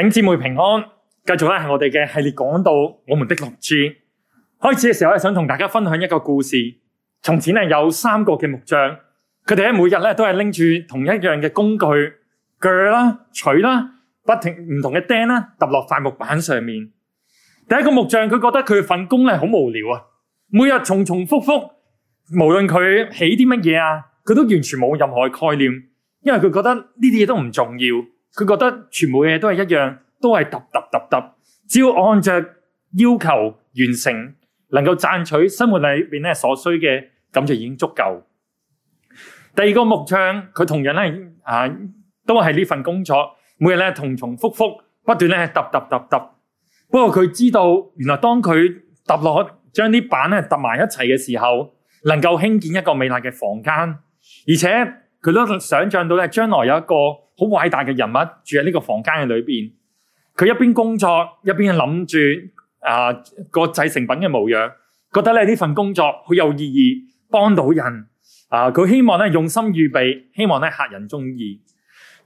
頂姊妹平安，繼續咧係我哋嘅系列，講到我們的 6G。開始嘅時候咧，想同大家分享一個故事。從前咧有三個嘅木匠，佢哋喺每日咧都係拎住同一樣嘅工具鋸啦、錘啦，不停唔同嘅釘啦揼落塊木板上面。第一個木匠佢覺得佢份工係好無聊啊，每日重重複複，無論佢起啲乜嘢啊，佢都完全冇任何概念，因為佢覺得呢啲嘢都唔重要。佢覺得全部嘢都係一樣，都係揼揼揼揼，只要按照要求完成，能夠賺取生活裏邊咧所需嘅，咁就已經足夠。第二個木匠，佢同樣咧啊，都係呢份工作，每日咧重重複複不斷咧揼揼揼揼。不過佢知道，原來當佢揼落將啲板咧揼埋一齊嘅時候，能夠興建一個美麗嘅房間，而且佢都想象到咧，將來有一個。好偉大嘅人物住喺呢個房間嘅裏面。佢一邊工作，一邊諗住嗰個製成品嘅模樣，覺得呢份工作好有意義，幫到人啊！佢、呃、希望呢用心預備，希望呢客人中意。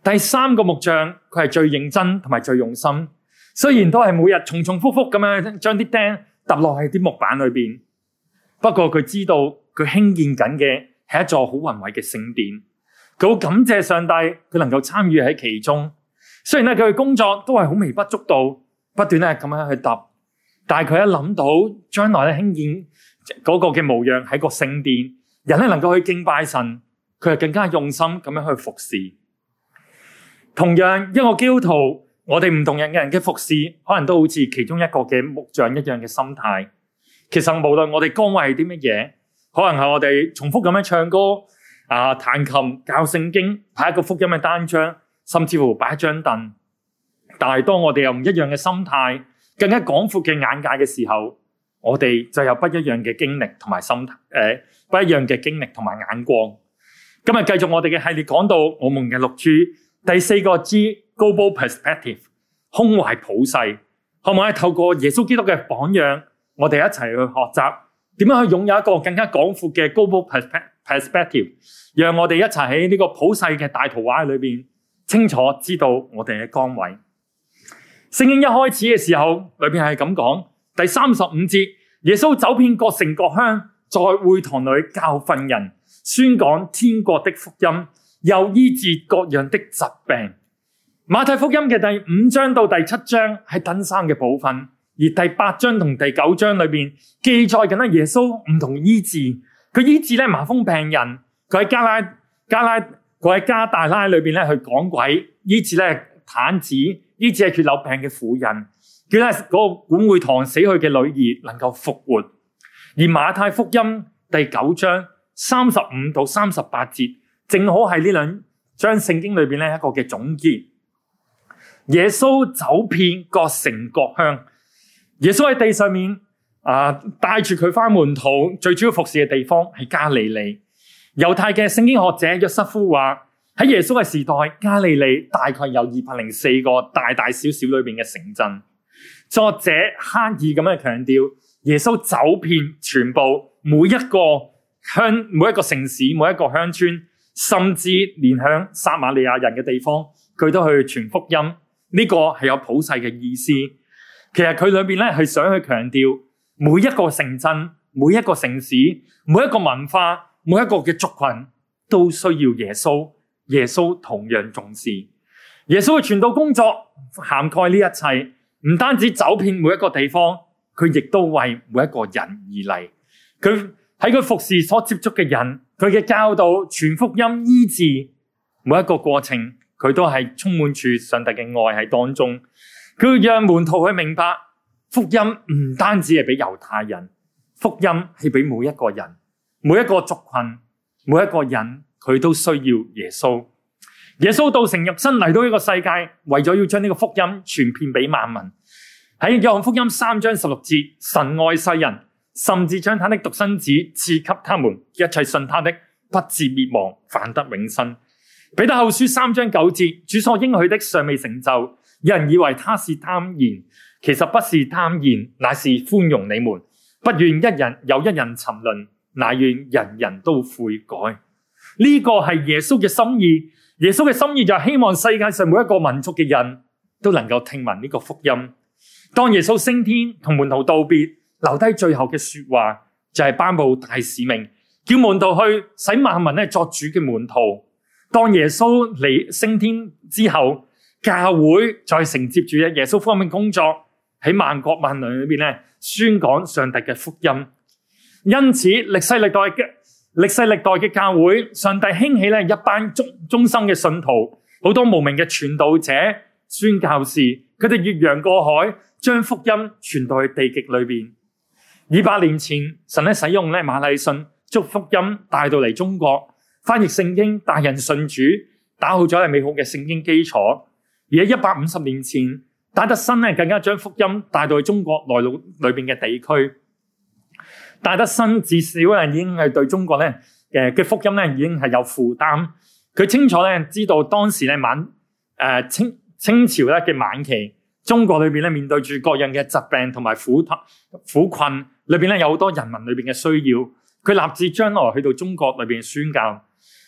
第三個木匠佢係最認真同埋最用心，雖然都係每日重重複複咁樣將啲釘揼落去啲木板裏面，不過佢知道佢興建緊嘅係一座好宏偉嘅聖殿。佢好感謝上帝，佢能夠參與喺其中。雖然咧佢嘅工作都係好微不足道，不斷咧咁樣去揼，但係佢一諗到將來咧興建嗰個嘅模樣係個聖殿，人咧能夠去敬拜神，佢就更加用心咁樣去服侍。同樣一個基督徒，我哋唔同人嘅人嘅服侍，可能都好似其中一個嘅木匠一樣嘅心態。其實無論我哋崗位係啲乜嘢，可能係我哋重複咁樣唱歌。啊！彈琴教聖經，派一個福音嘅單張，甚至乎擺一張凳。但係當我哋有唔一樣嘅心態，更加廣闊嘅眼界嘅時候，我哋就有不一樣嘅經歷同埋心態，誒、哎，不一樣嘅經歷同埋眼光。今日繼續我哋嘅系列，講到我們嘅 6G，第四個 G global perspective，胸懷普世，可唔可以透過耶穌基督嘅榜樣，我哋一齊去學習點樣去擁有一個更加廣闊嘅 global perspective？Perspective，讓我哋一齊喺呢個普世嘅大圖畫裏面，清楚知道我哋嘅崗位。聖經一開始嘅時候，裏面係咁講，第三十五節，耶穌走遍各城各鄉，在會堂裏教訓人，宣講天國的福音，又醫治各樣的疾病。馬太福音嘅第五章到第七章係登山嘅部分，而第八章同第九章裏面記載緊耶穌唔同醫治。佢醫治咧麻風病人，佢喺加拉加拉，佢喺加大拉裏面咧去趕鬼，醫治咧癱子，醫治係血瘤病嘅婦人，叫得嗰個管會堂死去嘅女兒能夠復活。而馬太福音第九章三十五到三十八節，正好係呢兩章聖經裏面咧一個嘅總結。耶穌走遍各城各鄉，耶穌喺地上面。啊！帶住佢返門徒最主要服侍嘅地方係加利利。猶太嘅聖經學者約瑟夫話：喺耶穌嘅時代，加利利大概有二百零四個大大小小裏面嘅城鎮。作者刻意咁樣強調，耶穌走遍全部每一個鄉，每一個城市、每一個鄉村，甚至連向撒瑪利亞人嘅地方，佢都去傳福音。呢、這個係有普世嘅意思。其實佢裏面呢係想去強調。每一個城鎮、每一個城市、每一個文化、每一個嘅族群，都需要耶穌。耶穌同樣重視。耶穌嘅傳道工作，涵蓋呢一切。唔單止走遍每一個地方，佢亦都為每一個人而嚟。佢喺佢服侍所接觸嘅人，佢嘅教導、傳福音、醫治，每一個過程，佢都係充滿住上帝嘅愛喺當中。佢讓門徒去明白。福音唔單止係俾猶太人，福音係俾每一個人、每一個族群、每一個人，佢都需要耶穌。耶穌道成肉身嚟到呢個世界，為咗要將呢個福音傳遍俾萬民。喺約翰福音三章十六節，神愛世人，甚至將他的獨生子賜給他們，一切信他的不至滅亡，反得永生。彼得後書三章九節，主所應許的尚未成就，有人以為他是耽延。其實不是耽延，乃是寬容你們。不願一人有一人沉淪，乃願人人都悔改。呢、這個是耶穌嘅心意。耶穌嘅心意就是希望世界上每一個民族嘅人都能夠聽聞呢個福音。當耶穌升天同門徒道別，留低最後嘅說話就是頒布大使命，叫門徒去使萬民呢作主嘅門徒。當耶穌升天之後，教會再承接住耶穌方面工作，喺萬國萬里裏邊宣講上帝嘅福音。因此，歷世歷代嘅歷世歷代嘅教會，上帝興起咧一班忠，忠心嘅信徒，好多無名嘅傳道者、宣教士，佢哋越洋過海，將福音傳到去地極裏面。二百年前，神使用咧馬禮遜，將福音帶到嚟中國，翻譯聖經，帶人信主，打好咗一美好嘅聖經基礎。而喺一百五十年前。戴德生更加將福音帶到中國內陸裏面嘅地區。戴德生，至少已經係對中國的嘅福音已經係有負擔。佢清楚知道當時晚清朝的嘅晚期，中國裏面面對住各樣嘅疾病同埋苦，苦困裏面裏有好多人民裏面嘅需要。佢立志將來去到中國裏面宣教。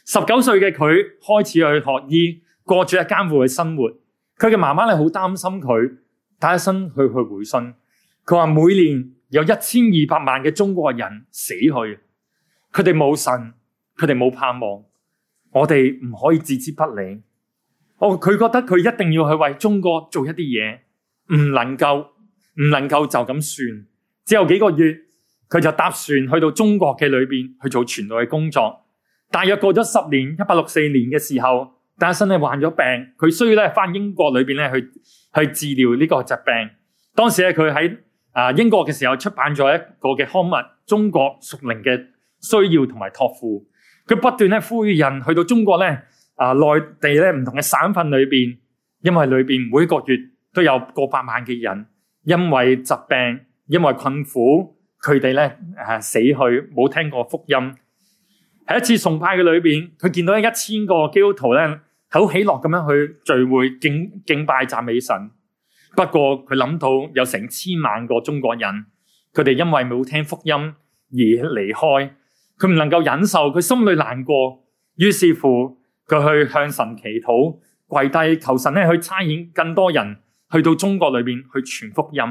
十九歲嘅佢開始去學醫，過住一個艱苦嘅生活。佢嘅媽媽咧好擔心佢，帶一身去去回信。佢話每年有一千二百萬嘅中國人死去，佢哋冇神，佢哋冇盼望。我哋唔可以置之不理。哦，佢覺得佢一定要去為中國做一啲嘢，唔能夠唔能夠就咁算。之後幾個月，佢就搭船去到中國嘅裏面去做傳道嘅工作。大約過咗十年，一八六四年嘅時候。但係身患咗病，佢需要返英國裏面去治療呢個疾病。當時他佢喺英國嘅時候出版咗一個嘅刊物《中國屬靈嘅需要同埋託付》，佢不斷呼籲人去到中國內內地不唔同嘅省份裏面，因為裏面每個月都有過百萬嘅人因為疾病、因為困苦，佢哋死去冇聽過福音。喺一次崇拜嘅裏邊，佢見到一一千個基督徒咧，係好喜樂咁樣去聚會敬敬拜讚美神。不過佢諗到有成千萬個中國人，佢哋因為冇聽福音而離開，佢唔能夠忍受，佢心裏難過。於是乎，佢去向神祈禱，跪低求神咧去差遣更多人去到中國裏邊去傳福音。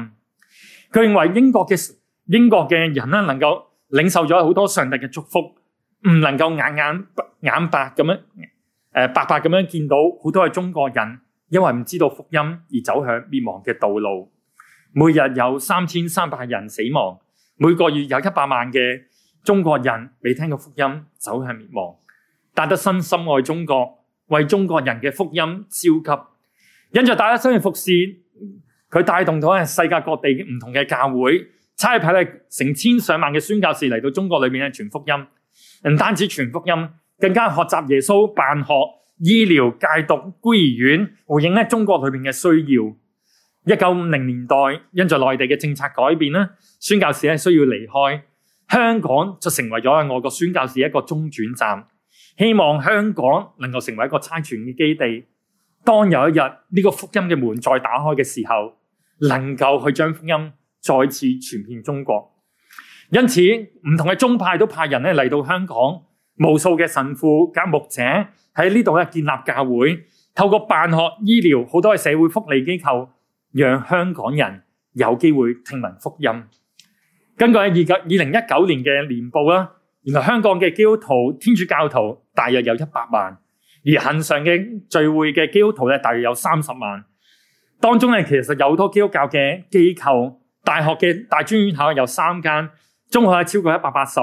佢認為英國嘅英國嘅人咧，能夠領受咗好多上帝嘅祝福。唔能夠眼眼眼白咁樣、呃，白白咁樣見到好多係中國人因為唔知道福音而走向滅亡嘅道路，每日有三千三百人死亡，每個月有一百萬嘅中國人未聽過福音走向滅亡。戴德生深深愛中國，為中國人嘅福音焦急，因着大家相信服侍，佢帶動到世界各地唔同嘅教會，差派成千上萬嘅宣教士嚟到中國裏面咧傳福音。唔單止傳福音，更加學習耶穌辦學、醫療、戒毒、孤兒院，回應喺中國裏面嘅需要。一九五零年代，因在內地嘅政策改變，宣教士需要離開香港，就成為咗外國宣教士一個中轉站。希望香港能夠成為一個差傳嘅基地。當有一日，呢個福音嘅門再打開嘅時候，能夠去將福音再次傳遍中國。因此，唔同嘅宗派都派人咧嚟到香港，無數嘅神父及牧者喺呢度咧建立教會，透過辦學、醫療，好多嘅社會福利機構，讓香港人有機會聽聞福音。根據喺二九二零一九年嘅年報啦，原來香港嘅基督徒天主教徒大約有一百萬，而恒常嘅聚會嘅基督徒咧大約有三十萬。當中咧其實有好多基督教嘅機構、大學嘅大專院校有三間。中學啊，超過一百八十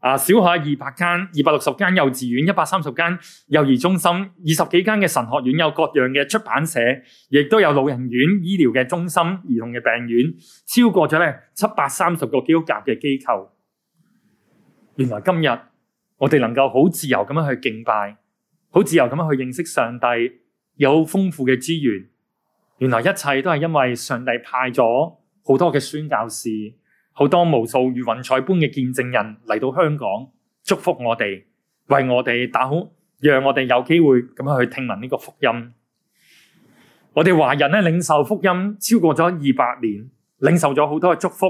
啊，小學二百間，二百六十間幼稚園，一百三十間幼兒中心，二十幾間嘅神學院，有各樣嘅出版社，亦都有老人院、醫療嘅中心、兒童嘅病院，超過咗咧七百三十個基督教嘅機構。原來今日我哋能夠好自由咁樣去敬拜，好自由咁樣去認識上帝，有豐富嘅資源。原來一切都係因為上帝派咗好多嘅宣教士。好多無數如雲彩般嘅見證人嚟到香港，祝福我哋，為我哋打好，讓我哋有機會噉樣去聽聞呢個福音。我哋華人領受福音超過咗二百年，領受咗好多嘅祝福，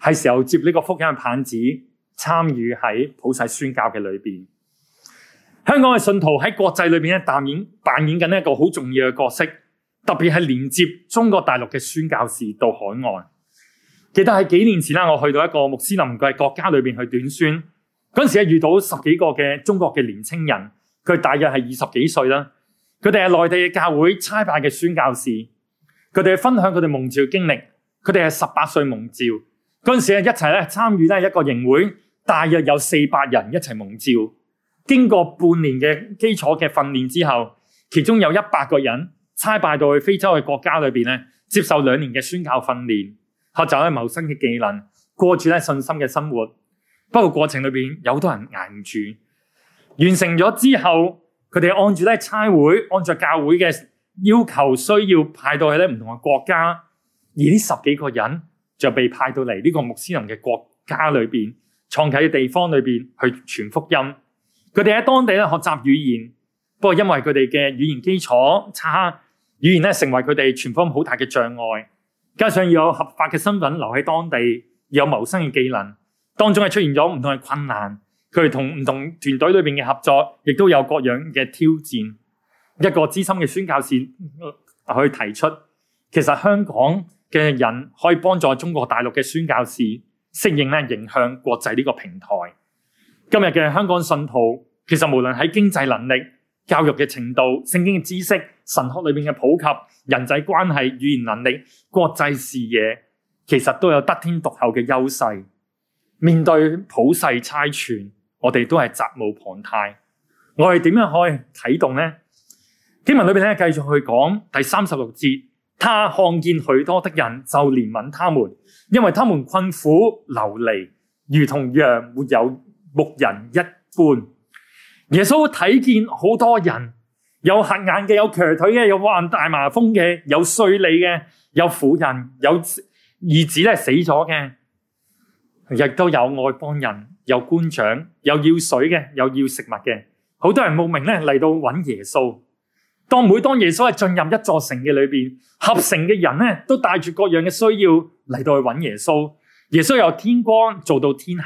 係時候接呢個福音嘅棒子，參與喺普世宣教嘅裏面。香港嘅信徒喺國際裏面扮演扮演緊一個好重要嘅角色，特別係連接中國大陸嘅宣教士到海外。記得喺幾年前我去到一個穆斯林的國家裏面去短宣，嗰陣時遇到十幾個嘅中國嘅年輕人，佢大約係二十幾歲啦。佢哋係內地嘅教會差派嘅宣教士，佢哋分享佢哋蒙召經歷，佢哋係十八歲蒙召。嗰陣時一齊參與一個營會，大約有四百人一齊蒙召。經過半年嘅基礎嘅訓練之後，其中有一百個人差派到去非洲嘅國家裏面接受兩年嘅宣教訓練。學習了謀生嘅技能，過住呢信心嘅生活。不過過程裏邊有好多人捱唔住，完成咗之後，佢哋按住呢差會，按着教會嘅要求需要派到去唔同嘅國家。而呢十幾個人就被派到嚟呢個穆斯林嘅國家裏邊，創啟嘅地方裏邊去傳福音。佢哋喺當地學習語言，不過因為佢哋嘅語言基礎差，語言成為佢哋傳福音好大嘅障礙。加上要有合法嘅身份留喺當地，有謀生嘅技能，當中出現咗唔同嘅困難，佢哋同唔同團隊裡面嘅合作，亦都有各樣嘅挑戰。一個資深嘅宣教士可以、呃、提出，其實香港嘅人可以幫助中國大陸嘅宣教士適應咧，影響國際呢個平台。今日嘅香港信徒，其實無論喺經濟能力。教育的程度、聖經的知識、神學裏面的普及、人際關係、語言能力、國際視野，其實都有得天獨厚的優勢。面對普世差傳，我哋都係責無旁貸。我哋點樣可以啟動呢？經文裏邊繼續去講第三十六節。他看見許多的人，就憐憫他們，因為他們困苦流離，如同羊沒有牧人一般。耶穌睇見好多人，有瞎眼嘅，有瘸腿嘅，有患大麻風嘅，有稅吏嘅，有婦人，有兒子咧死咗嘅，亦都有外邦人，有官長，有要水嘅，有要食物嘅，好多人慕名咧嚟到揾耶穌。當每當耶穌係進入一座城嘅裏面，合城嘅人咧都帶住各樣嘅需要嚟到去揾耶穌。耶穌由天光做到天黑，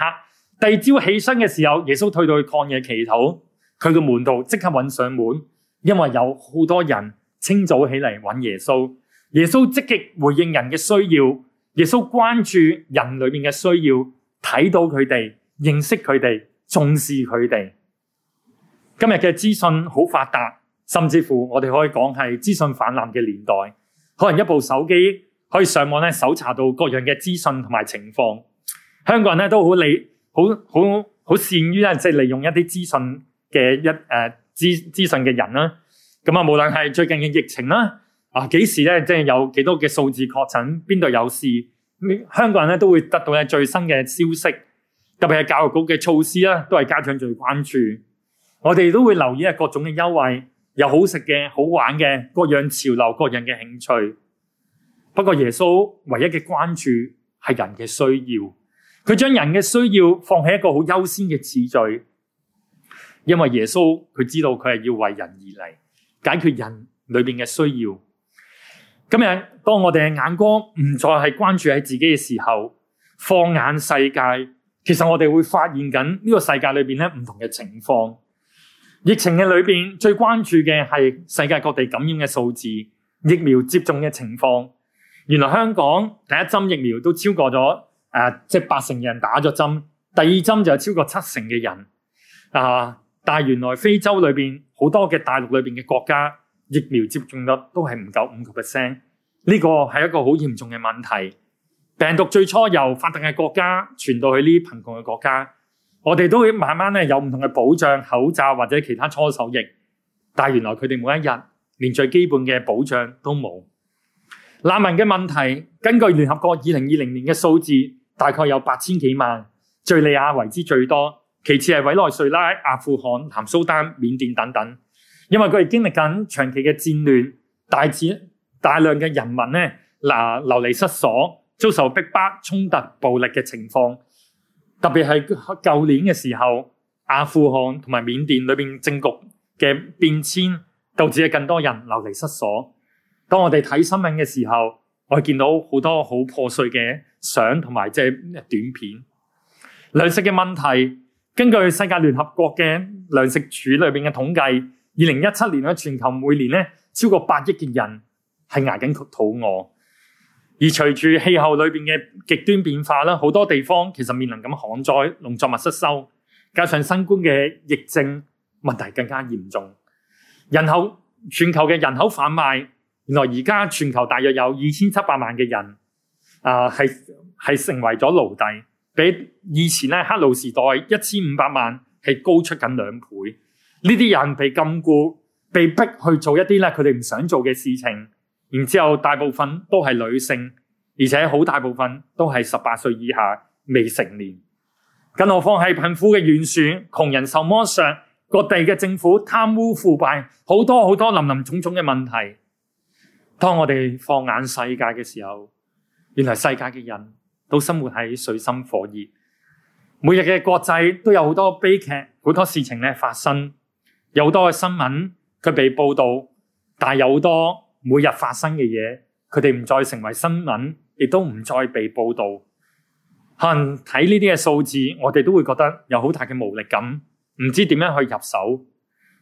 第二朝起身嘅時候，耶穌退到去曠野祈禱。佢個門徒即刻搵上門，因為有好多人清早起嚟搵耶穌。耶穌積極回應人嘅需要，耶穌關注人裏面嘅需要，睇到佢哋，認識佢哋，重視佢哋。今日嘅資訊好發達，甚至乎我哋可以講係資訊泛濫嘅年代。可能一部手機可以上網呢搜查到各樣嘅資訊同埋情況。香港人都好利，好好善於即係利用一啲資訊。嘅一誒、呃、資資訊嘅人啦，咁啊，無論係最近嘅疫情啦，啊幾時咧，即係有幾多嘅數字確診，邊度有事，香港人咧都會得到嘅最新嘅消息，特別係教育局嘅措施啦，都係家長最關注。我哋都會留意下各種嘅優惠，有好食嘅、好玩嘅，各樣潮流、各樣嘅興趣。不過耶穌唯一嘅關注係人嘅需要，佢將人嘅需要放喺一個好優先嘅次序。因為耶穌佢知道佢係要為人而嚟，解決人裏面嘅需要。今日當我哋眼光唔再係關注喺自己嘅時候，放眼世界，其實我哋會發現緊呢個世界裏面呢唔同嘅情況。疫情嘅裏面最關注嘅係世界各地感染嘅數字、疫苗接種嘅情況。原來香港第一針疫苗都超過咗即、呃就是、八成人打咗針，第二針就超過七成嘅人啊。呃但原來非洲裏邊好多嘅大陸裏邊嘅國家，疫苗接種率都係唔夠五個 percent，呢個係一個好嚴重嘅問題。病毒最初由發達嘅國家傳到去呢啲貧窮嘅國家，我哋都會慢慢咧有唔同嘅保障、口罩或者其他搓手液。但原來佢哋每一日連最基本嘅保障都冇。難民嘅問題，根據聯合國二零二零年嘅數字，大概有八千幾萬，敍利亞為之最多。其次係委內瑞拉、阿富汗、南蘇丹、緬甸等等，因為佢哋經歷緊長期嘅戰亂，導致大量嘅人民呢流離失所，遭受逼迫、衝突、暴力嘅情況。特別係舊年嘅時候，阿富汗同埋緬甸裏面政局嘅變遷，導致咗更多人流離失所。當我哋睇新聞嘅時候，我見到好多好破碎嘅相同埋即係短片，糧食嘅問題。根據世界聯合國嘅糧食署裏面嘅統計，二零一七年咧，全球每年超過八億嘅人係捱緊窮肚餓。而隨住氣候裏面嘅極端變化啦，好多地方其實面臨緊旱災，農作物失收，加上新冠嘅疫症問題更加嚴重。人口全球嘅人口販賣，原來而家全球大約有二千七百萬嘅人啊，係係成為咗奴隸。比以前咧黑奴時代一千五百萬係高出緊兩倍，呢啲人被禁錮，被逼去做一啲咧佢哋唔想做嘅事情，然之後大部分都係女性，而且好大部分都係十八歲以下未成年。更何況係貧富嘅懸殊，窮人受剝削，各地嘅政府貪污腐敗，好多好多林林種種嘅問題。當我哋放眼世界嘅時候，原來世界嘅人。都生活喺水深火熱，每日嘅國際都有好多悲劇，好多事情咧發生，有好多嘅新聞佢被報導，但係有好多每日發生嘅嘢，佢哋唔再成為新聞，亦都唔再被報導。可能睇呢啲嘅數字，我哋都會覺得有好大嘅無力感，唔知點樣去入手。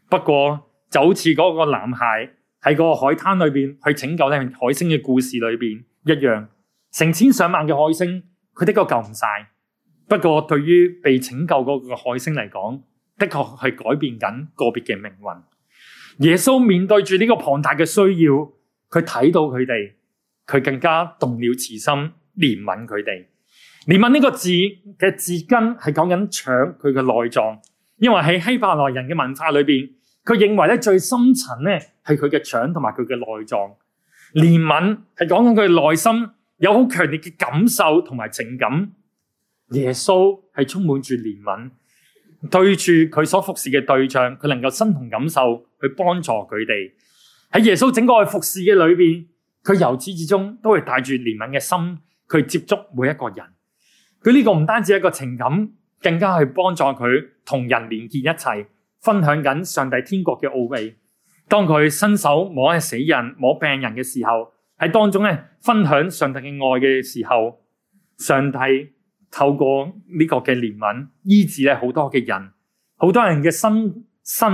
不過就好似嗰個男孩喺個海灘裏面去拯救呢海星嘅故事裏面一樣。成千上萬的海星，他的確救唔晒。不過對於被拯救嗰個海星來講，的確是改變緊個別的命運。耶穌面對着這個龐大的需要，他看到他們，他更加動了慈心，憐憫他們。憐憫這個字的字根是講緊腸，佢嘅內臟。因為在希伯來人的文化裏面，他認為最深層是佢嘅腸同埋佢嘅內臟。憐憫是講緊他的內心。有好強烈嘅感受同埋情感，耶穌係充滿住憐憫，對住佢所服侍嘅對象，佢能夠身同感受去幫助佢哋。喺耶穌整個服侍嘅裏邊，佢由始至終都係帶住憐憫嘅心去接觸每一個人。佢呢個唔單止係一個情感，更加係幫助佢同人連結一齊，分享緊上帝天國嘅奧秘。當佢伸手摸喺死人、摸病人嘅時候，喺當中分享上帝嘅愛嘅時候，上帝透過呢個嘅憐憫醫治咧好多嘅人，好多人嘅身心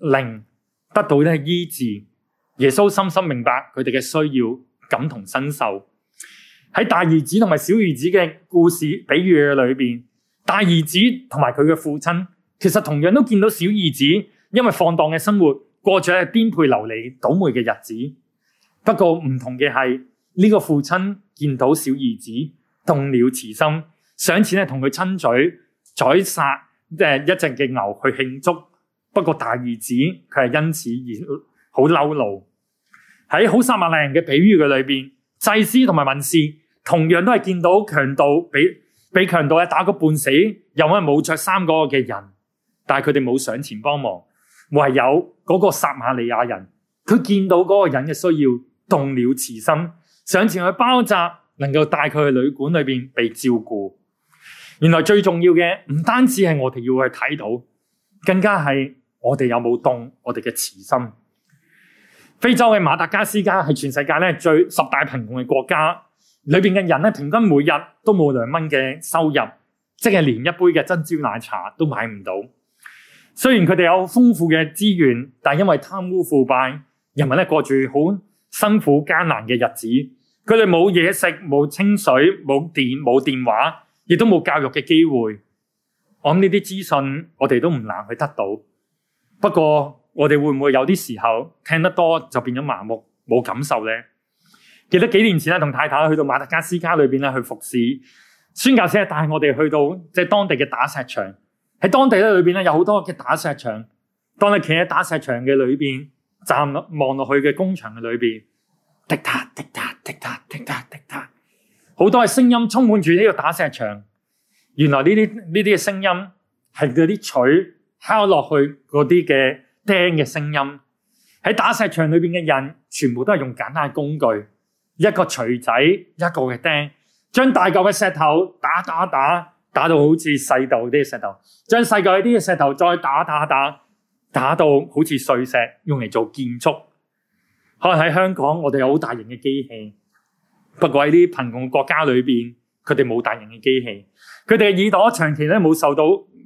靈得到咧醫治。耶穌深深明白佢哋嘅需要，感同身受。喺大兒子同埋小兒子嘅故事比喻嘅裏面，大兒子同埋佢嘅父親，其實同樣都見到小兒子因為放蕩嘅生活，過着係顛沛流離、倒霉嘅日子。不過唔同嘅，係呢個父親見到小兒子動了慈心，上前嚟同佢親嘴、宰殺一隻嘅牛去慶祝。不過大兒子佢係因此而好嬲怒。喺好撒瑪利亞人嘅比喻嘅裏面，祭司同埋文士同樣都係見到強盜俾俾強盜啊打個半死，又可能冇着衫嗰個嘅人，但係佢哋冇上前幫忙。唯有嗰個撒馬利亞人，佢見到嗰個人嘅需要。動了慈心，上前去包紮，能夠帶佢去旅館裏面被照顧。原來最重要嘅唔單止係我哋要去睇到，更加係我哋有冇動我哋嘅慈心。非洲嘅馬達加斯加是全世界最十大貧窮嘅國家，裏面嘅人平均每日都冇兩蚊嘅收入，即係連一杯嘅珍珠奶茶都買唔到。雖然佢哋有豐富嘅資源，但因為貪污腐敗，人民過住好辛苦艱難的日子，佢哋冇嘢食，冇清水，冇電，冇電話，亦都冇教育的機會。我諗呢啲資訊，我哋都唔難去得到。不過我哋會唔會有啲時候聽得多就變咗麻木，冇感受呢？記得幾年前咧，同太太去到馬達加斯加裏邊去服侍，孫教授帶我哋去到即係當地的打石場。喺當地咧裏邊有好多的打石場。當你企喺打石場的裏面站望落去嘅工場嘅裏邊，滴答滴答滴答滴答滴答，好多嘅聲音充滿住呢個打石場。原來呢啲呢啲嘅聲音係嗰啲錘敲落去嗰啲嘅釘嘅聲音。喺打石場裏邊嘅人，全部都係用簡單嘅工具，一個錘仔，一個嘅釘，將大嚿嘅石頭打打打打到好似細嚿啲嘅石頭，將細嚿啲嘅石頭再打打打。打到好似碎石，用嚟做建築。可能喺香港，我哋有好大型嘅機器。不過喺啲貧窮國家裏邊，佢哋冇大型嘅機器。佢哋嘅耳朵長期咧冇受到，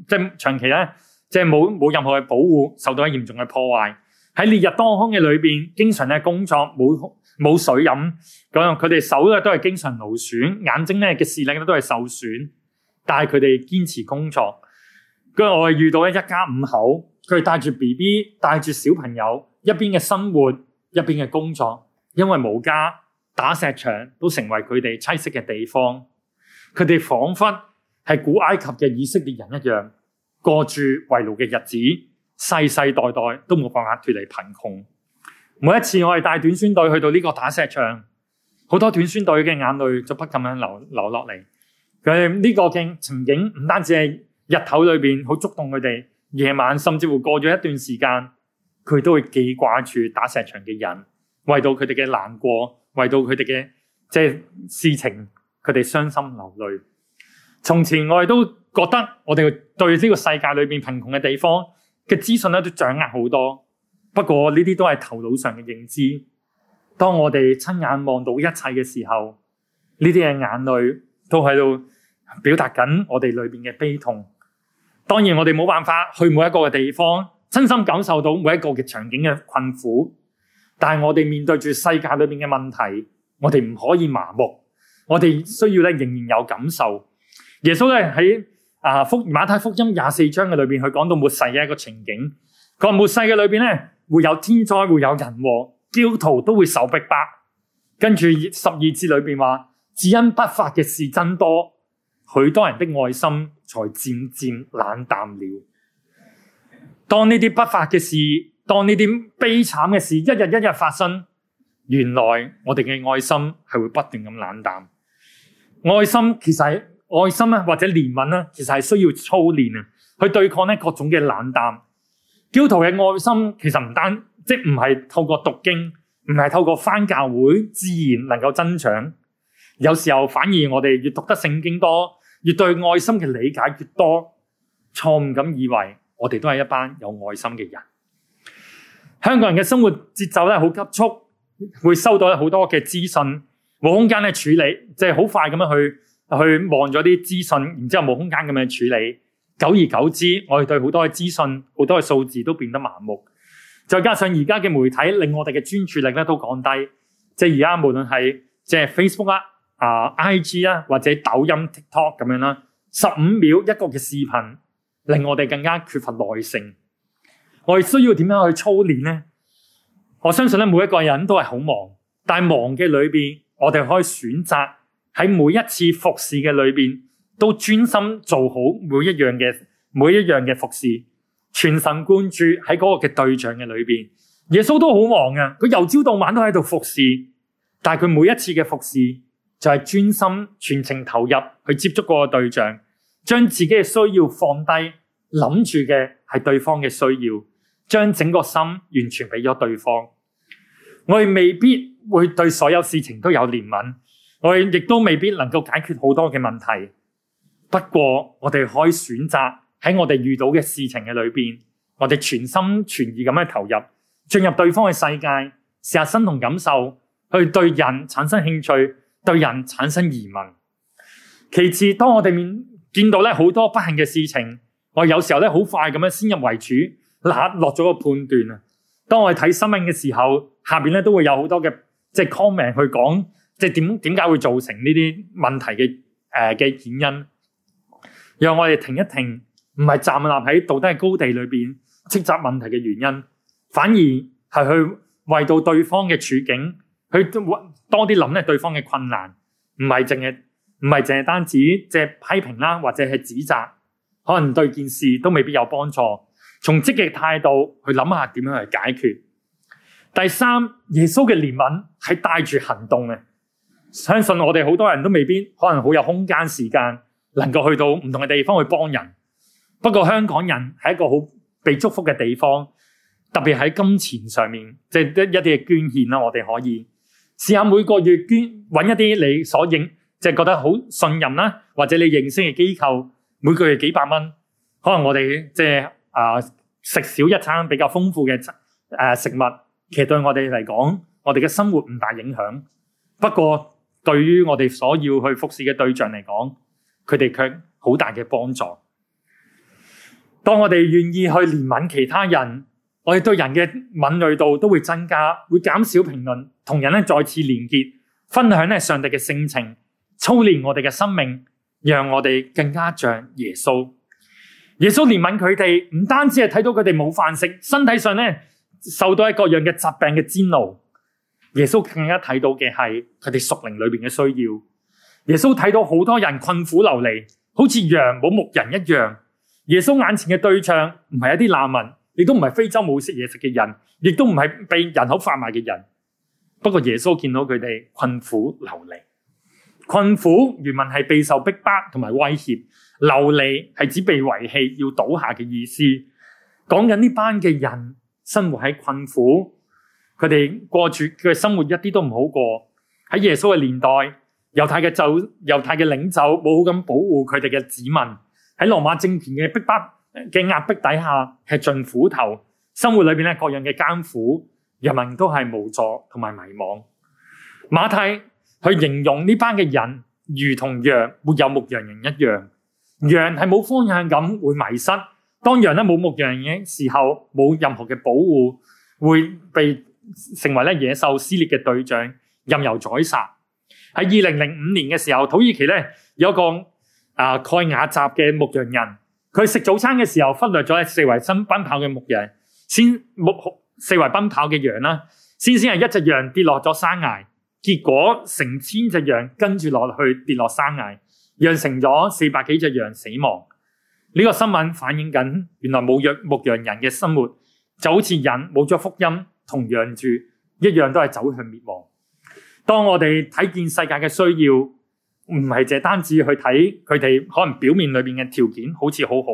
即係長期咧即係冇冇任何嘅保護，受到嚴重嘅破壞。喺烈日當空嘅裏邊，經常咧工作冇冇水飲。咁佢哋手咧都係經常勞損，眼睛咧嘅視力咧都係受損。但係佢哋堅持工作。跟住我係遇到咧一家五口。佢哋帶住 B B，帶住小朋友，一邊嘅生活，一邊嘅工作，因為冇家，打石場都成為佢哋棲息嘅地方。佢哋彷彿係古埃及嘅以色列人一樣，過住為奴嘅日子，世世代代都冇辦法脫離貧窮。每一次我哋帶短宣隊去到呢個打石場，好多短宣隊嘅眼淚就不禁咁樣流流落嚟。佢哋呢個嘅情景唔單止係日頭裏面好觸動佢哋。夜晚甚至乎過咗一段時間，佢都會記掛住打石場嘅人，為到佢哋嘅難過，為到佢哋嘅即係事情，佢哋傷心流淚。從前我哋都覺得我哋對呢個世界裏邊貧窮嘅地方嘅資訊咧都掌握好多，不過呢啲都係頭腦上嘅認知。當我哋親眼望到一切嘅時候，呢啲嘅眼淚都喺度表達緊我哋裏邊嘅悲痛。當然，我哋冇辦法去每一個嘅地方，真心感受到每一個嘅場景嘅困苦。但係我哋面對住世界裏面嘅問題，我哋唔可以麻木。我哋需要仍然有感受。耶穌在喺馬太福音廿四章裏面，佢講到末世嘅一個情景。個末世嘅裏面會有天災，會有人禍，教徒都會受逼迫。跟住十二節裏面話，只因不法嘅事增多，許多人的愛心才漸漸冷淡了。當呢啲不法嘅事，當呢啲悲慘嘅事，一日一日發生，原來我哋嘅愛心係會不斷咁冷淡。愛心其實係愛心啦，或者憐憫啦，其實係需要操練啊，去對抗呢各種嘅冷淡。基督徒嘅愛心其實唔單即唔係透過讀經，唔係透過返教會自然能夠增長。有時候反而我哋越讀得聖經多。越對愛心嘅理解越多，錯誤咁以為我哋都係一班有愛心嘅人。香港人嘅生活節奏呢，好急促，會收到好多嘅資訊，冇空間咧處理，即係好快咁樣去去望咗啲資訊，然之後冇空間咁樣處理。久而久之，我哋對好多嘅資訊、好多嘅數字都變得麻木。再加上而家嘅媒體令我哋嘅專注力咧都降低，即係而家無論係即係 Facebook 啊。啊、uh，IG 啊，或者抖音 TikTok、TikTok 咁樣啦，十五秒一個嘅視頻，令我哋更加缺乏耐性。我哋需要點樣去操練呢？我相信呢每一個人都係好忙，但係忙嘅裏邊，我哋可以選擇喺每一次服侍嘅裏邊，都專心做好每一樣嘅每一樣嘅服侍，全神貫注喺嗰個嘅對象嘅裏邊。耶穌都好忙啊，佢由朝到晚都喺度服侍，但係佢每一次嘅服侍。就係、是、專心，全程投入去接觸嗰個對象，將自己嘅需要放低，諗住嘅係對方嘅需要，將整個心完全畀咗對方。我哋未必會對所有事情都有憐憫，我哋亦都未必能夠解決好多嘅問題。不過我哋可以選擇喺我哋遇到嘅事情嘅裏邊，我哋全心全意咁樣投入，進入對方嘅世界，試下身同感受，去對人產生興趣。對人產生疑問。其次，當我哋面見到咧，好多不幸嘅事情，我有時候咧，好快咁樣先入為主，嗱，落咗個判斷啊。當我哋睇新聞嘅時候，下邊咧，都會有好多嘅即係 comment 去講，即係點點解會造成呢啲問題嘅誒嘅原因。讓我哋停一停，唔係站立喺道德嘅高地裏邊斥責問題嘅原因，反而係去為到對方嘅處境去。多啲諗咧，對方嘅困難，唔係淨係唔係淨係單止即係批評啦，或者係指責，可能對件事都未必有幫助。從積極態度去諗下點樣去解決。第三，耶穌嘅憐憫係帶住行動嘅。相信我哋好多人都未必可能好有空間時間能夠去到唔同嘅地方去幫人。不過香港人係一個好被祝福嘅地方，特別喺金錢上面，即係一啲嘅捐獻啦，我哋可以。試下每個月捐，搵一啲你所認，即係覺得好信任啦，或者你認識嘅機構，每個月幾百蚊，可能我哋即係啊食少一餐比較豐富嘅誒食物，其實對我哋嚟講，我哋嘅生活唔大影響。不過對於我哋所要去服侍嘅對象嚟講，佢哋卻好大嘅幫助。當我哋願意去憐憫其他人，我哋對人嘅敏銳度都會增加，會減少評論。同人再次連結，分享上帝嘅性情，操練我哋嘅生命，讓我哋更加像耶穌。耶穌憐憫佢哋，唔單止係睇到佢哋冇飯食，身體上呢受到各樣嘅疾病嘅煎熬。耶穌更加睇到嘅係佢哋屬靈裏面嘅需要。耶穌睇到好多人困苦流離，好似羊冇牧人一樣。耶穌眼前嘅對象唔係一啲難民，亦都唔係非洲冇食嘢食嘅人，亦都唔係被人口販賣嘅人。不過耶穌見到佢哋困苦流離，困苦原文係備受逼迫同埋威脅，流離係指被遺棄要倒下嘅意思。講緊呢班嘅人生活喺困苦，佢哋過住嘅生活一啲都唔好過。喺耶穌嘅年代，猶太嘅就猶太嘅領袖冇好咁保護佢哋嘅子民，喺羅馬政權嘅逼迫嘅壓迫底下，吃盡苦頭，生活裏面，咧各樣嘅艱苦。人民都係無助同埋迷惘。馬太去形容呢班嘅人，如同羊沒有牧羊人一樣，羊係冇方向感，會迷失。當羊咧冇牧羊人嘅時候，冇任何嘅保護，會被成為咧野獸撕裂嘅對象，任由宰殺。喺二零零五年嘅時候，土耳其咧有一個啊蓋瓦集嘅牧羊人，佢食早餐嘅時候忽略咗四圍新奔跑嘅牧羊，先冇。四圍奔跑嘅羊啦，先先係一隻羊跌落咗山崖，結果成千隻羊跟住落去跌落山崖，釀成咗四百幾隻羊死亡。呢、這個新聞反映緊，原來冇牧牧羊人嘅生活就好似人冇咗福音，同羊住一樣都係走向滅亡。當我哋睇見世界嘅需要，唔係只單只去睇佢哋可能表面裏面嘅條件好似好好，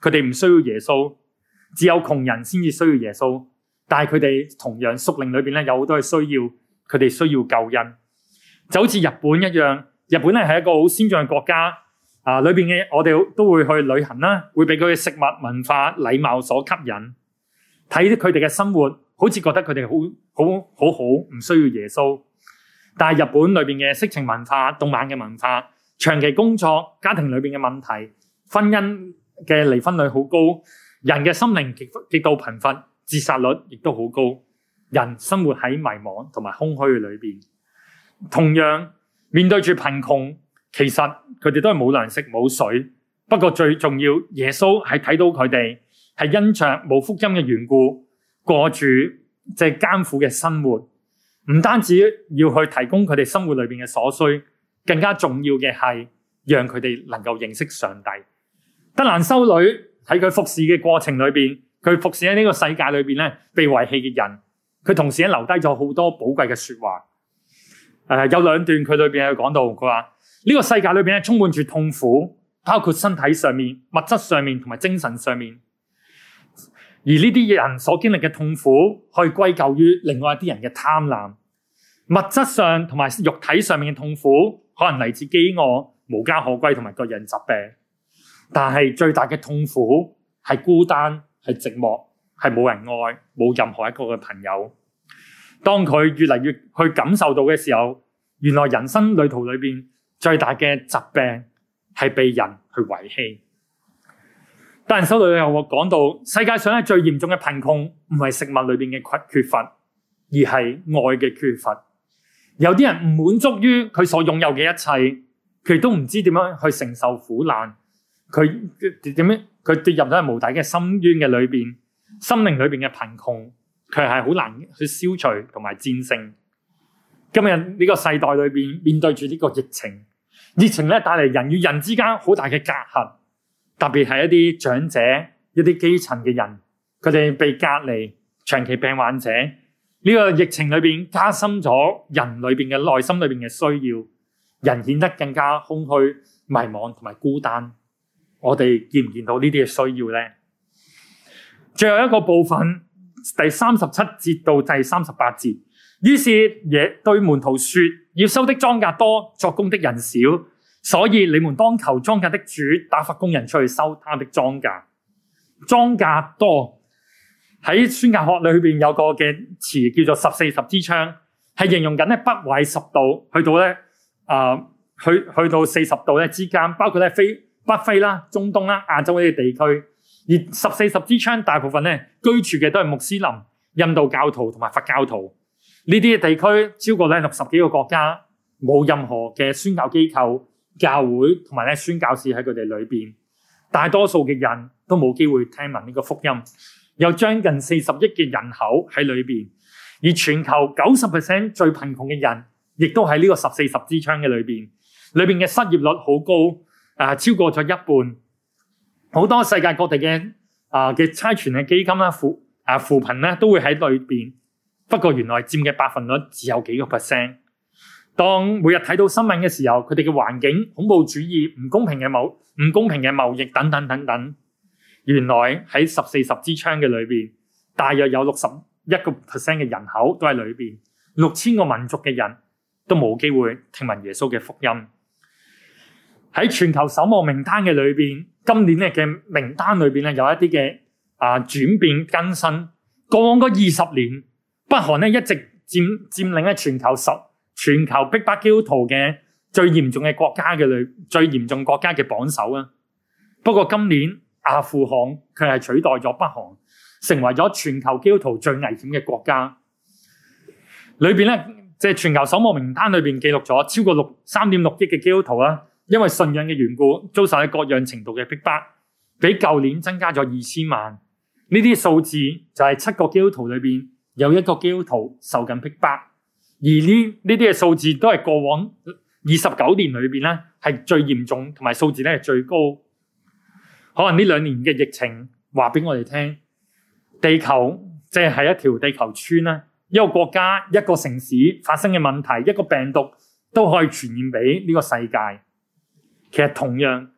佢哋唔需要耶穌，只有窮人先至需要耶穌。但係佢哋同樣屬靈裏邊咧，有好多嘅需要，佢哋需要救恩，就好似日本一樣。日本咧，係一個好先進嘅國家啊，裏邊嘅我哋都會去旅行啦，會俾佢嘅食物、文化、禮貌所吸引，睇佢哋嘅生活，好似覺得佢哋好好好好，唔需要耶穌。但係日本裏邊嘅色情文化、動漫嘅文化、長期工作、家庭裏邊嘅問題、婚姻嘅離婚率好高，人嘅心靈極極度貧乏。自殺率亦都好高，人生活喺迷茫同埋空虛嘅裏面。同樣面對住貧窮，其實佢哋都係冇糧食冇水。不過最重要是耶穌是看，耶穌係睇到佢哋係因着冇福音嘅緣故，過住呢啲艱苦嘅生活。唔單止要去提供佢哋生活裏面嘅所需，更加重要嘅係讓佢哋能夠認識上帝。德蘭修女喺佢服侍嘅過程裏面。佢服侍喺呢個世界裏面被遺棄嘅人，佢同時留低咗好多寶貴嘅說話。有兩段佢裏面係講到，佢話呢個世界裏面充滿住痛苦，包括身體上面、物質上面同埋精神上面。而呢啲人所經歷嘅痛苦，可以歸咎於另外一啲人嘅貪婪。物質上同埋肉體上面嘅痛苦，可能嚟自饑餓、無家可歸同埋個人疾病。但係最大嘅痛苦係孤單。係寂寞，係冇人愛，冇任何一個嘅朋友。當佢越嚟越去感受到嘅時候，原來人生旅途裏邊最大嘅疾病係被人去遺棄。但係收到又話講到，世界上係最嚴重嘅貧窮，唔係食物裏邊嘅缺缺乏，而係愛嘅缺乏。有啲人唔滿足於佢所擁有嘅一切，佢亦都唔知點樣去承受苦難。佢點樣？佢跌入咗喺無底嘅深淵嘅裏面，心靈裏面嘅貧窮，佢係好難去消除同埋戰勝。今日呢個世代裏面面對住呢個疫情，疫情呢帶嚟人與人之間好大嘅隔閡，特別係一啲長者、一啲基層嘅人，佢哋被隔離、長期病患者，呢、這個疫情裏面加深咗人裏面嘅內心裏面嘅需要，人顯得更加空虛、迷茫同埋孤單。我哋見唔見到呢啲嘅需要咧？最後一個部分，第三十七節到第三十八節，於是嘢對門徒說：要收的莊稼多，作工的人少，所以你們當求莊稼的主打發工人出去收他的莊稼。莊稼多喺宣教學裏面有個嘅詞叫做十四十之窗，係形容緊咧北緯十度去到咧啊、呃、去去到四十度咧之間，包括咧非。北非啦、中東啦、亞洲呢啲地區，而十四十之窗大部分咧居住嘅都係穆斯林、印度教徒同埋佛教徒呢啲嘅地區，超過咧六十幾個國家，冇任何嘅宣教機構、教會同埋咧宣教士喺佢哋裏邊，大多數嘅人都冇機會聽聞呢個福音，有將近四十億嘅人口喺裏邊，而全球九十 percent 最貧窮嘅人，亦都喺呢個十四十之窗嘅裏邊，裏邊嘅失業率好高。但超過咗一半，好多世界各地嘅啊嘅差傳嘅基金啦，扶啊扶貧咧都會喺裏邊。不過原來佔嘅百分率只有幾個 percent。當每日睇到新聞嘅時候，佢哋嘅環境、恐怖主義、唔公平嘅貿唔公平嘅貿易等等等等，原來喺十四十支槍嘅裏邊，大約有六十一個 percent 嘅人口都喺裏邊，六千個民族嘅人都冇機會聽聞耶穌嘅福音。喺全球守望名單嘅裏面，今年的嘅名單裏面有一啲嘅啊轉變更新。過往嗰二十年，北韓一直佔領領全球十全球逼迫基督徒嘅最嚴重嘅國家嘅最嚴重國家的榜首啊。不過今年阿富汗佢係取代咗北韓，成為咗全球基督徒最危險嘅國家，裏面，呢即係全球守望名單裏面記錄咗超過六三點六億嘅基督徒因為信任嘅緣故，遭受喺各樣程度嘅逼迫，比舊年增加咗二千萬。呢啲數字就係七個基督徒裏面有一個基督徒受緊逼迫，而呢呢啲嘅數字都係過往二十九年裏面呢係最嚴重同埋數字呢最高。可能呢兩年嘅疫情話俾我哋聽，地球即係一條地球村啦，一個國家、一個城市發生嘅問題，一個病毒都可以傳染俾呢個世界。其實同樣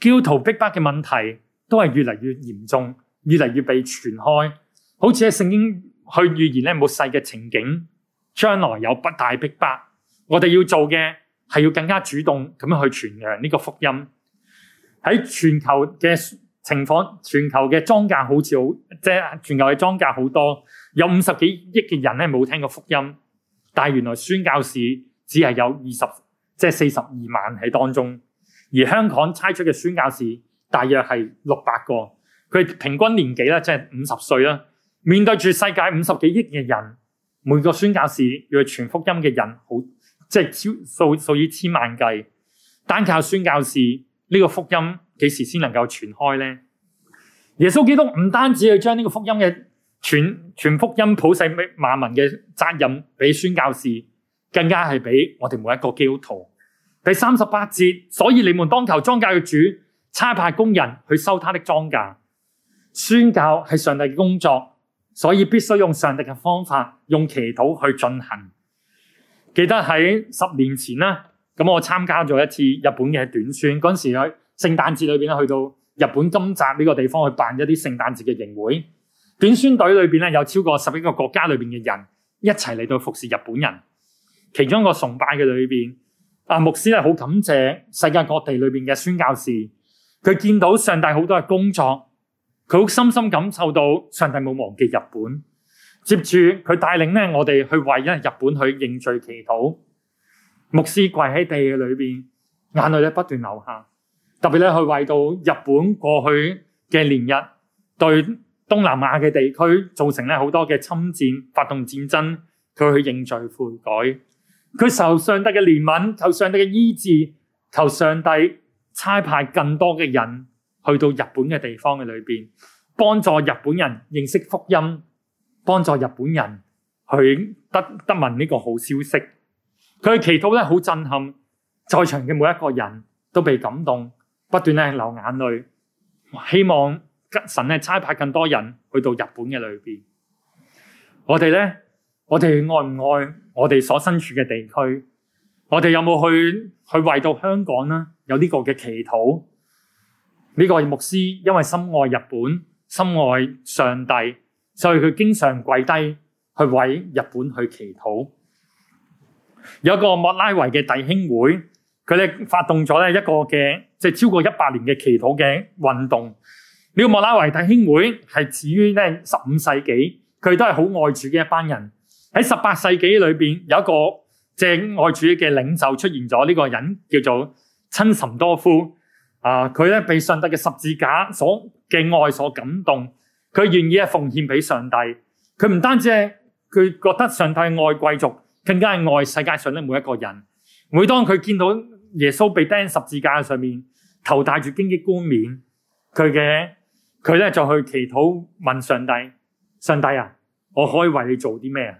焦徒逼迫嘅問題都係越嚟越嚴重，越嚟越被傳開。好似喺聖經去預言，末世嘅情景，將來有不大逼迫。我哋要做嘅係要更加主動咁樣去傳揚呢個福音。喺全球嘅情況，全球嘅莊稼好似好，即係全球嘅莊稼好多有五十幾億嘅人沒冇聽過福音，但原來宣教士只係有二十即係四十二萬喺當中。而香港差出嘅宣教士大約係六百個，佢平均年紀咧是係五十歲，面對住世界五十幾億嘅人，每個宣教士要全福音嘅人好即係數以千萬計。單靠宣教士呢、這個福音幾時先能夠傳開呢？耶穌基督唔單止去將呢個福音嘅全福音普世萬民嘅責任給宣教士，更加係給我哋每一個基督徒。第三十八節，所以你們當求莊稼嘅主差派工人去收他的莊稼。宣教係上帝嘅工作，所以必須用上帝嘅方法，用祈禱去進行。記得喺十年前啦，咁我參加咗一次日本嘅短宣，嗰時喺聖誕節裏面去到日本金澤呢個地方去辦一啲聖誕節嘅營會。短宣隊裏面有超過十一個國家裏面嘅人一齊嚟到服侍日本人。其中一個崇拜嘅裏面。牧師咧好感謝世界各地裏邊嘅宣教士，佢見到上帝好多嘅工作，佢好深深感受到上帝冇忘記日本。接住佢帶領咧我哋去為一日本去認罪祈禱。牧師跪喺地裏邊，眼淚咧不斷流下。特別咧去為到日本過去嘅年日，對東南亞嘅地區造成咧好多嘅侵佔、發動戰爭，佢去認罪悔改。佢受上帝嘅憐憫，求上帝嘅醫治，求上帝差派更多嘅人去到日本嘅地方嘅裏邊，幫助日本人認識福音，幫助日本人去得得聞呢個好消息。佢嘅祈禱咧好震撼，在場嘅每一個人都被感動，不斷咧流眼淚，希望神咧差派更多人去到日本嘅裏邊。我哋咧。我哋愛唔愛我哋所身處嘅地區？我哋有冇去去為到香港呢？有呢個嘅祈禱呢個係牧師，因為深愛日本、深愛上帝，所以佢經常跪低去為日本去祈禱。有一個莫拉維嘅弟兄會，佢哋發動咗咧一個嘅即係超過一百年嘅祈禱嘅運動。呢個莫拉維弟兄會係始於咧十五世紀，佢都係好愛主嘅一班人。喺十八世紀裏邊有一個正愛主義嘅領袖出現咗，呢、這個人叫做親什多夫啊。佢、呃、被上帝嘅十字架所嘅愛所感動，佢願意奉獻俾上帝。佢唔單止係佢覺得上帝愛貴族，更加係愛世界上的每一個人。每當佢見到耶穌被釘十字架上面，頭戴住荊棘冠冕，佢的他呢就去祈禱問上帝：上帝啊，我可以為你做啲咩啊？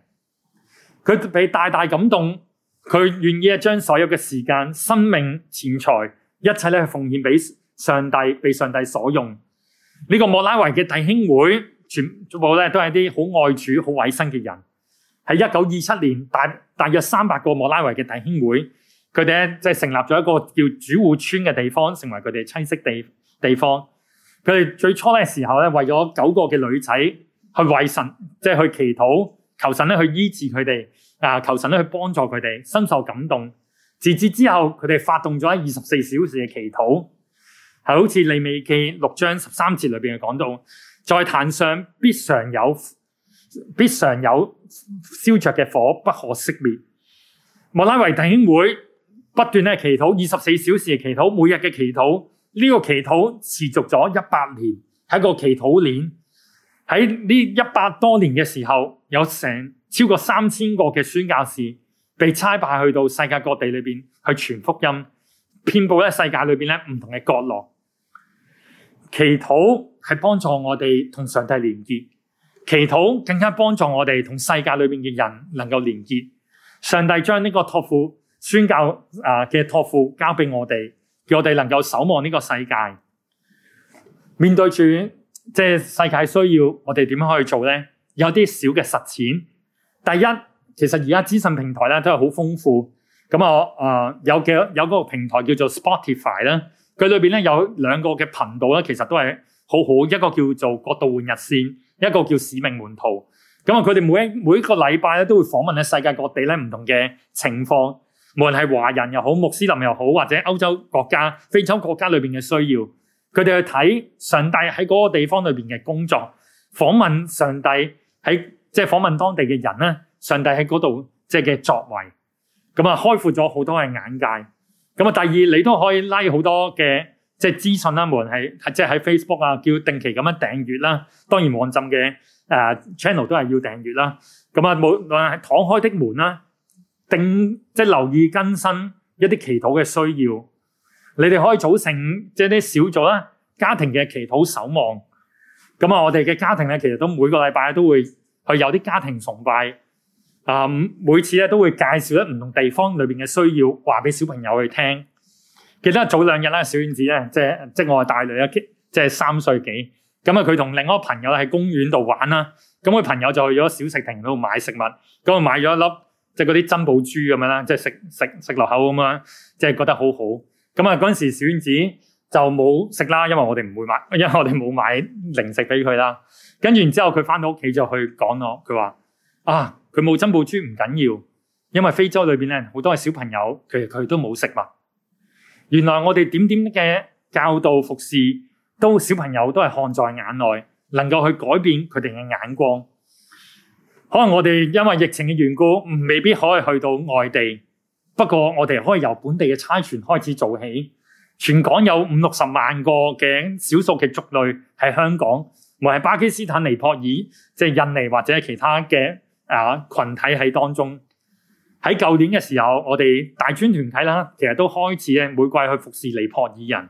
佢被大大感動，佢願意將所有嘅時間、生命、錢財，一切奉獻俾上帝，被上帝所用。呢個莫拉維嘅弟兄會，全部都係啲好愛主、好委身嘅人。喺一九二七年，大約三百個莫拉維嘅弟兄會，佢哋成立咗一個叫主護村嘅地方，成為佢哋棲息嘅地方。佢哋最初嘅時候為咗九個嘅女仔去為神，即係去祈禱。求神咧去醫治佢哋，啊求神咧去幫助佢哋，深受感動。自至之後，佢哋發動咗二十四小時嘅祈禱，係好似利未記六章十三節裏邊嘅講到，在壇上必常有必常有燒着嘅火，不可熄滅。莫拉維弟兄會不斷咧祈禱，二十四小時嘅祈禱，每日嘅祈禱，呢個祈禱持續咗一百年，係一個祈禱鏈。喺呢一百多年嘅時候。有成超過三千個嘅宣教士被差派去到世界各地裏邊去傳福音，遍布咧世界裏邊咧唔同嘅角落。祈禱係幫助我哋同上帝連結，祈禱更加幫助我哋同世界裏邊嘅人能夠連結。上帝將呢個託付宣教啊嘅託付交俾我哋，叫我哋能夠守望呢個世界，面對住即係世界需要，我哋點樣可以做咧？有啲小嘅實踐，第一，其實而家資訊平台咧都係好豐富。咁我誒、呃、有幾有嗰個平台叫做 Spotify 啦，佢裏面咧有兩個嘅頻道咧，其實都係好好。一個叫做國度換日線，一個叫使命門徒。咁啊，佢哋每每一個禮拜咧都會訪問咧世界各地咧唔同嘅情況，無論係華人又好、穆斯林又好，或者歐洲國家、非洲國家裏面嘅需要，佢哋去睇上帝喺嗰個地方裏面嘅工作，訪問上帝。喺即係訪問當地嘅人咧，上帝喺嗰度即係嘅作為，咁啊開闊咗好多嘅眼界。咁啊，第二你都可以拉、like、好多嘅即係資訊啦，門係即係喺 Facebook 啊，叫定期咁樣訂閱啦。當然網站嘅誒 channel 都係要訂閱啦。咁啊冇，無論係敞開的門啦，定即係留意更新一啲祈禱嘅需要。你哋可以組成即係啲小組啦，家庭嘅祈禱守望。咁啊，我哋嘅家庭咧，其實都每個禮拜都會去有啲家庭崇拜，啊，每次咧都會介紹一唔同地方裏面嘅需要，話俾小朋友去聽。記得早兩日呢，小丸子咧，即係即係我大女咧，即係三歲幾，咁啊佢同另一個朋友喺公園度玩啦，咁佢朋友就去咗小食亭嗰度買食物，咁啊買咗一粒即係嗰啲珍寶珠咁樣啦，即係食食食落口咁樣，即係覺得好好。咁啊嗰陣時，小丸子。就冇食啦，因為我哋唔會買，因為我哋冇買零食俾佢啦。跟住然之後佢返到屋企就去講我，佢話：「啊，佢冇珍寶珠唔緊要，因為非洲裏面呢好多係小朋友，其實佢都冇食嘛。」原來我哋點點嘅教導服侍，都小朋友都係看在眼內，能夠去改變佢哋嘅眼光。可能我哋因為疫情嘅緣故，未必可以去到外地，不過我哋可以由本地嘅差傳開始做起。全港有五六十萬個嘅少數嘅族類喺香港，無論係巴基斯坦、尼泊爾，即係印尼或者其他嘅啊群體喺當中。喺舊年嘅時候，我哋大專團體啦，其實都開始咧每季去服侍尼泊爾人，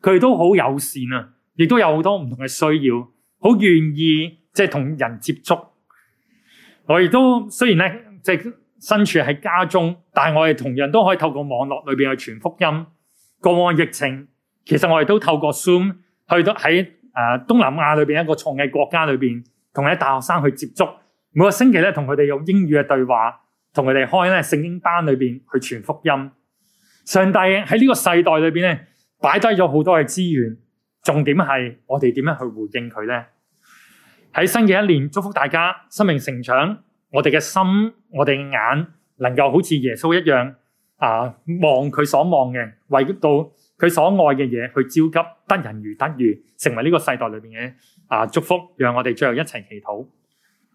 佢哋都好友善啊，亦都有好多唔同嘅需要，好願意即係同人接觸。我亦都雖然咧即係身處喺家中，但係我哋同樣都可以透過網絡裏邊去傳福音。過往的疫情，其實我哋都透過 Zoom 去到喺東南亞裏面一個創意國家裏面，同啲大學生去接觸。每個星期呢，同佢哋用英語嘅對話，同佢哋開呢聖經班裏面去傳福音。上帝喺呢個世代裏面呢，擺低咗好多嘅資源，重點係我哋點樣去回應佢呢？喺新嘅一年，祝福大家生命成長，我哋嘅心，我哋嘅眼，能夠好似耶穌一樣。啊！望佢所望嘅，為到佢所愛嘅嘢去焦急，得人如得魚，成為呢個世代裏邊嘅啊祝福。讓我哋最後一齊祈禱，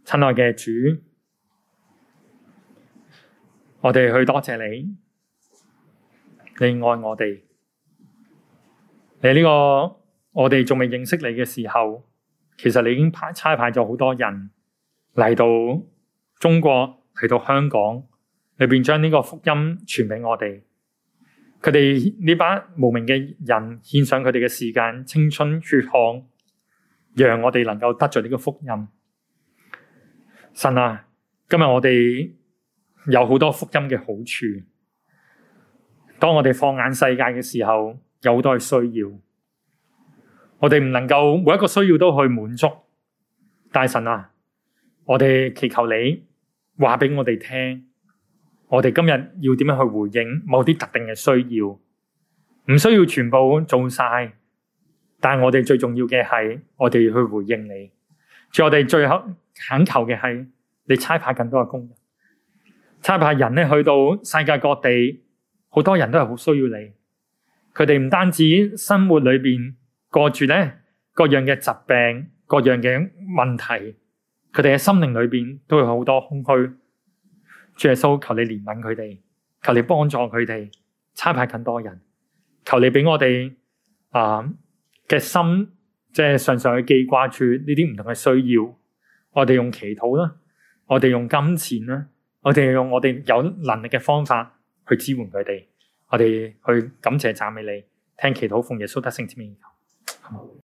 親愛嘅主，我哋去多謝你，你愛我哋，你呢、這個我哋仲未認識你嘅時候，其實你已經派差派咗好多人嚟到中國，嚟到香港。裏面將呢個福音傳畀我哋，佢哋呢班無名嘅人獻上佢哋嘅時間、青春、血汗，讓我哋能夠得着呢個福音。神啊，今日我哋有好多福音嘅好處。當我哋放眼世界嘅時候，有好多係需要，我哋唔能夠每一個需要都去滿足。但神啊，我哋祈求你話畀我哋聽。我哋今日要點樣去回應某啲特定嘅需要？唔需要全部做晒，但係我哋最重要嘅係我哋要去回應你。我哋最後懇求嘅係，你差派更多嘅工人，差派人咧去到世界各地，好多人都係好需要你。佢哋唔單止生活裏邊過住咧各樣嘅疾病、各樣嘅問題，佢哋嘅心靈裏邊都有好多空虛。主耶穌，求你憐憫佢哋，求你幫助佢哋，差派更多人，求你俾我哋啊嘅心，即係常常去記掛住呢啲唔同嘅需要，我哋用祈禱啦，我哋用金錢啦，我哋用我哋有能力嘅方法去支援佢哋，我哋去感謝讚美你，聽祈禱奉耶穌得勝之名。